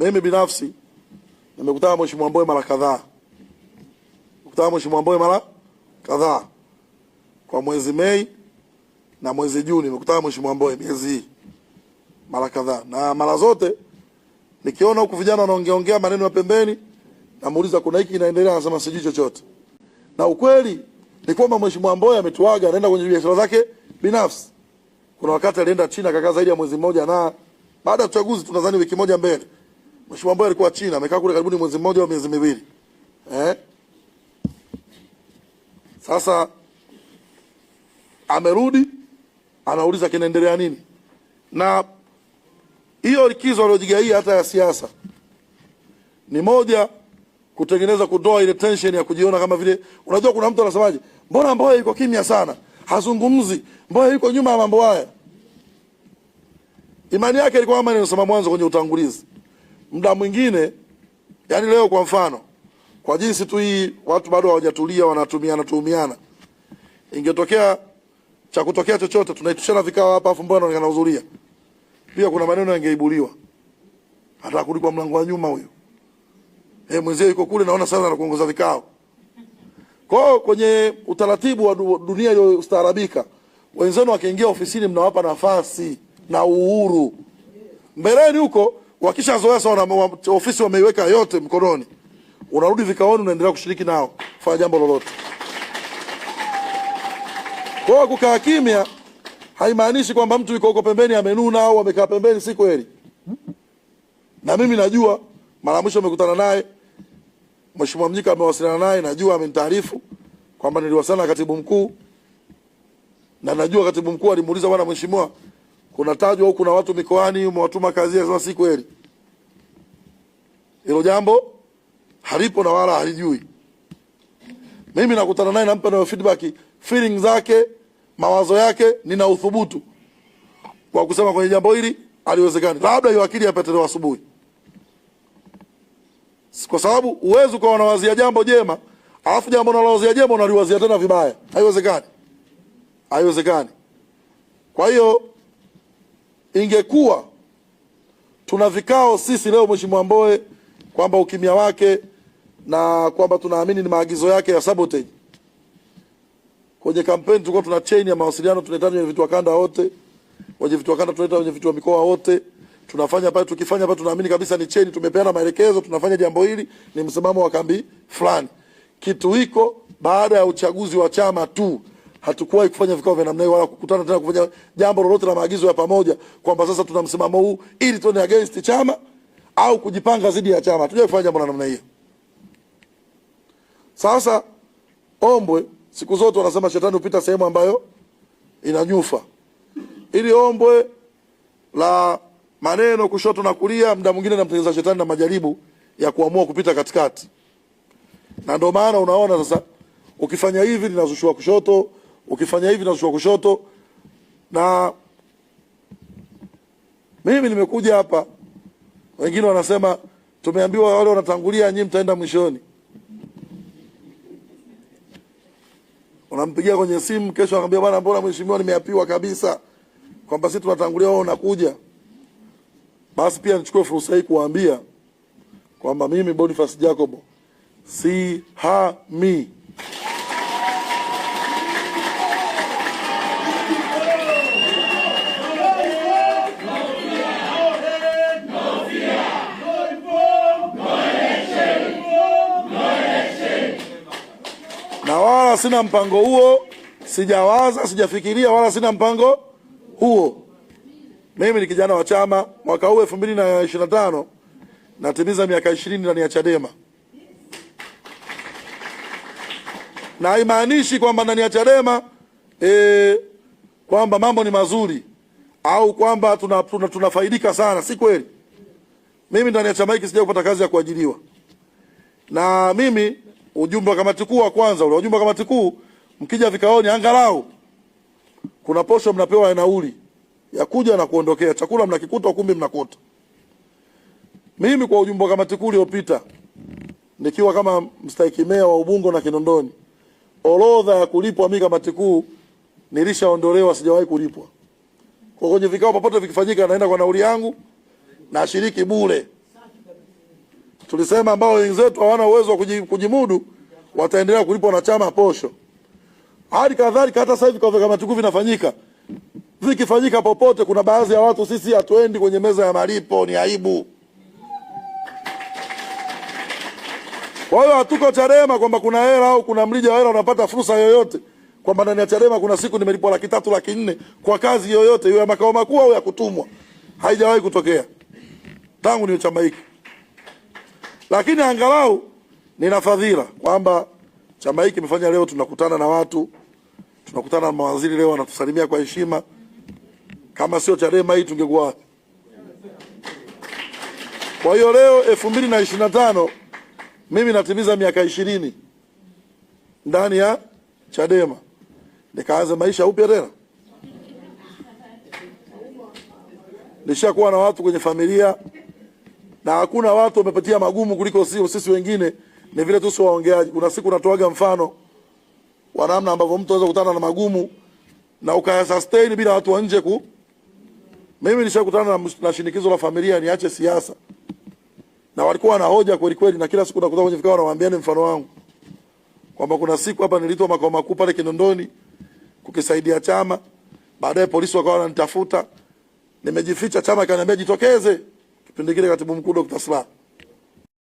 Mimi binafsi nimekutana mheshimiwa Mbowe mara kadhaa, kutana mheshimiwa Mbowe mara kadhaa kwa mwezi Mei na mwezi Juni, nimekutana mheshimiwa Mbowe miezi hii mara kadhaa, na mara zote nikiona huku vijana wanaongeaongea maneno ya pembeni, namuuliza kuna hiki inaendelea, anasema sijui chochote. Na ukweli ni kwamba mheshimiwa Mbowe ametuaga, anaenda kwenye biashara zake binafsi. Kuna wakati alienda China akakaa zaidi ya mwezi mmoja, na baada ya uchaguzi tunadhani wiki moja mbele Mheshimiwa ambaye alikuwa China, amekaa kule karibuni mwezi mmoja au miezi miwili eh? Sasa amerudi anauliza kinaendelea nini, na hiyo likizo aliyojigaia hata ya siasa ni moja kutengeneza kutoa ile tension ya kujiona kama vile unajua, kuna mtu anasemaje, mbona Mbowe yuko kimya sana, hazungumzi, Mbowe yuko nyuma ya mambo haya. Imani yake ilikuwa kama nilisema mwanzo kwenye utangulizi, muda mwingine, yani leo kwa mfano, kwa jinsi tu hii watu bado hawajatulia, wanatumiana tuumiana, ingetokea cha kutokea chochote, tunaitishana vikao hapa, afu mbona anaonekana kuhudhuria pia, kuna maneno yangeibuliwa hata kurudi kwa mlango wa nyuma huyo, eh, mwenzio yuko kule, naona sasa anakuongoza vikao. Kwa hiyo kwenye utaratibu wa dunia ustaarabika, wenzenu wakiingia ofisini, mnawapa nafasi na uhuru. Mbeleni huko Wakishazoea sana wa, ofisi wameiweka yote mkononi, unarudi vikaoni, unaendelea kushiriki nao kufanya jambo lolote. Kwa hiyo kukaa kimya haimaanishi kwamba mtu yuko huko pembeni amenuna au amekaa pembeni, si kweli. Na mimi najua mara mwisho amekutana naye Mheshimiwa Mnyika, amewasiliana naye, najua amenitaarifu kwamba niliwasiliana na katibu mkuu, na najua katibu mkuu alimuuliza bwana mheshimiwa unatajwa huku na watu mikoani, umewatuma kazi, asema si kweli. Hilo jambo halipo na wala halijui. Mimi nakutana naye, nampa nayo feedback, feeling zake, mawazo yake, nina uthubutu kwa kusema kwenye jambo hili aliwezekani, labda hiyo akili yapatelewa asubuhi, kwa sababu uwezo kwa wanawazia jambo jema, alafu jambo unalowazia jema unaliwazia tena vibaya. Haiwezekani, haiwezekani. Kwa hiyo ingekuwa tuna vikao sisi leo, Mheshimiwa Mboe kwamba ukimya wake na kwamba tunaamini ni maagizo yake ya sabotage kwenye kampeni. Tulikuwa tuna chain ya mawasiliano, tunaitana kwenye vitu wa kanda wote, kwenye vitu wa kanda tunaleta wenye vitu wa mikoa wote, tunafanya pale. Tukifanya pale, tunaamini kabisa ni chain, tumepeana maelekezo, tunafanya jambo hili, ni msimamo wa kambi fulani. Kitu hiko baada ya uchaguzi wa chama tu hatukuwahi kufanya vikao vya namna hiyo wala kukutana tena kufanya jambo lolote la maagizo ya pamoja kwamba sasa tuna msimamo huu ili tuende against chama au kujipanga dhidi ya chama. Hatujawahi kufanya jambo la namna hiyo. Sasa Ombwe siku zote wanasema shetani hupita sehemu ambayo inanyufa. Ili ombwe la maneno kushoto na kulia, muda mwingine namtengeneza shetani na majaribu ya kuamua kupita katikati, na ndio maana unaona sasa ukifanya hivi linazushua kushoto ukifanya hivi nashuka kushoto. Na mimi nimekuja hapa, wengine wanasema tumeambiwa wale wanatangulia, nyinyi mtaenda mwishoni. Unampigia kwenye simu kesho, anakwambia bwana, mbona mheshimiwa, nimeapiwa kabisa kwamba sisi tunatangulia, wao unakuja. Basi pia nichukue fursa hii kuwaambia kwamba mimi Boniface jacobo si hami na wala sina mpango huo, sijawaza, sijafikiria, wala sina mpango huo. Mimi ni kijana wa chama, mwaka huu 2025 natimiza miaka 20 ndani ya Chadema, na haimaanishi kwamba ndani ya Chadema e, kwamba mambo ni mazuri au kwamba tunafaidika tuna, tuna sana, si kweli. Mimi ndani ya chama hiki sija kupata kazi ya kuajiriwa na mimi ujumbe wa kamati kuu wa kwanza ule, ujumbe wa kamati kuu mkija vikaoni, angalau kuna posho mnapewa ya nauli ya kuja na kuondokea, chakula mnakikuta, ukumbi mnakuta. Mimi kwa ujumbe wa kamati kuu uliopita, nikiwa kama mstahiki meya wa Ubungo na Kinondoni, orodha ya kulipwa mimi kamati kuu nilishaondolewa, sijawahi kulipwa. Kwa kwenye vikao popote vikifanyika, naenda kwa nauli yangu na shiriki bure tulisema ambao wenzetu hawana uwezo wa kujimudu wataendelea kulipwa na chama posho. Hadi kadhalika hata sasa hivi kwa kamati kuu vinafanyika, vikifanyika popote, kuna baadhi ya watu sisi hatuendi kwenye meza ya malipo, ni aibu. Kwa hiyo hatuko Chadema kwamba kuna hela au kuna mrija wa hela unapata fursa yoyote kwamba ndani ya Chadema kuna siku nimelipwa laki tatu laki nne kwa kazi yoyote, iwe ya makao makuu au ya kutumwa. Haijawahi kutokea tangu ni chama hiki lakini angalau nina fadhila kwamba chama hiki kimefanya leo, tunakutana na watu, tunakutana na mawaziri leo, wanatusalimia kwa heshima. Kama sio Chadema hii tungekuwa. Kwa hiyo leo elfu mbili na ishirini na tano mimi natimiza miaka ishirini ndani ya Chadema, nikaanza maisha upya tena. Nishakuwa na watu kwenye familia na hakuna watu wamepatia magumu kuliko sio sisi wengine, ni vile tu sio waongeaji. Kuna siku natoaga mfano wa namna ambavyo mtu anaweza kukutana na magumu na ukaya sustain bila watu wa nje ku. Mimi nishakutana na, na shinikizo la familia niache siasa, na walikuwa na hoja kweli kweli, na kila siku nakutana kwenye vikao nawaambia ni mfano wangu kwamba kuna siku hapa nilitoa makao makuu pale Kinondoni kukisaidia chama, baadaye polisi wakawa wananitafuta, nimejificha, chama kaniambia jitokeze kipindi kile katibu mkuu Dr. Slaa